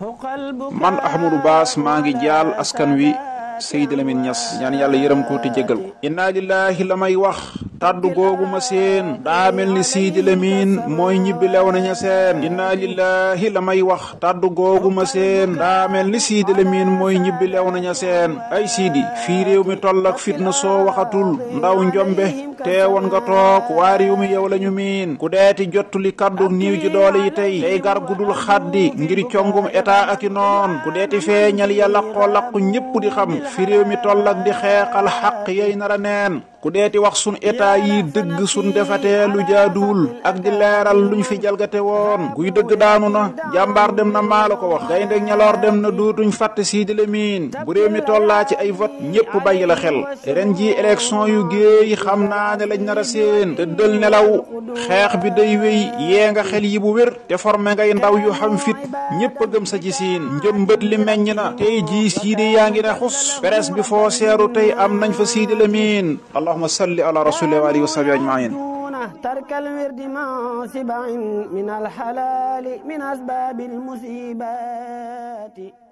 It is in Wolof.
man Ahmadou Baas maa ngi jaal askan wi Seydi Lamine ñas ñaan yàlla yërëm ko te jéggal ko la may wax tàddu googu ma seen daa mel ni Seydi Lamine mooy ñibbi lew na ña seen la may wax tàddu googu ma seen daa mel ni Seydi Lamine moy ñibbi lew na seen ay Seydi fii réew mi toll ak fitna soo waxatul ndaw njombe teewoon nga toog waa réew mi yow la ñu miin ku deeti jottuli kaddu niiw ji doole yi tey tey gar gudul xaddi ngir congum état ak i noon ku deeti feeñal ya laqoo laqu ñëpp di xam fi réew mi toll ak di xeexal xaq yey nara neen ku deeti wax sun état yi dëgg sun defatee lu jaaduwul ak di leeral luñ fi jalgate woon kuy dëgg daanu na jàmbaar dem na maa la ko wax gaynde ñaloor dem na dootuñ fàtte sii di la bu réew mi tollaa ci ay vote ñépp bàyyi la xel ren ji élection yu géey xam ne lañ te dël nelaw xeex bi day wéy yee nga xel yi bu wér te formé ngay ndaw yu xam fit ñépp gëm sa gisiin njëmbët li meññ na tey jii sii di yaa xus bi foo seeru tey am nañ fa sii di اللهم صل على رسول الله عليه وصحبه أجمعين ترك الورد ما سبع من الحلال من أسباب المصيبات